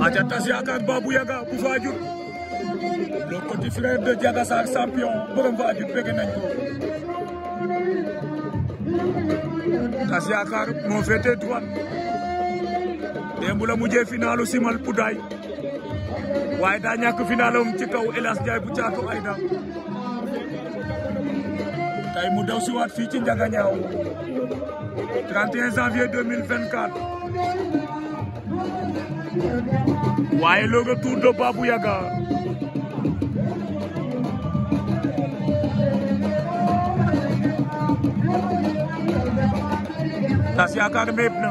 aca Tass Yakar Babou Yaga bu Fadiouth le petit frère de Diaga Sarr champion borom Fadiouth bëgg nañ ko Tass Yakar moo féete droite simal Pouday waaye daa ñàkk finalum ci kaw Elas Ndiaye bu caatu Ayda tey mu daw si fii ci Ndiaga Niaw 31 janvier 2024 Why, le retour de Babou Yaga Tass Yakar mépp na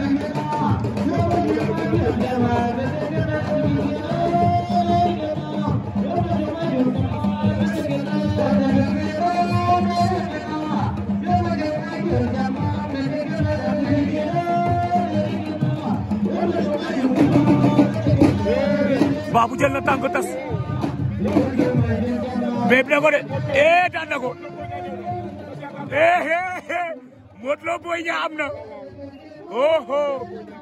बाबू जल ना तंग तस बेबना को ए डांडा को ए हे हे मतलब बोइया आपना Oh, ho. Oh.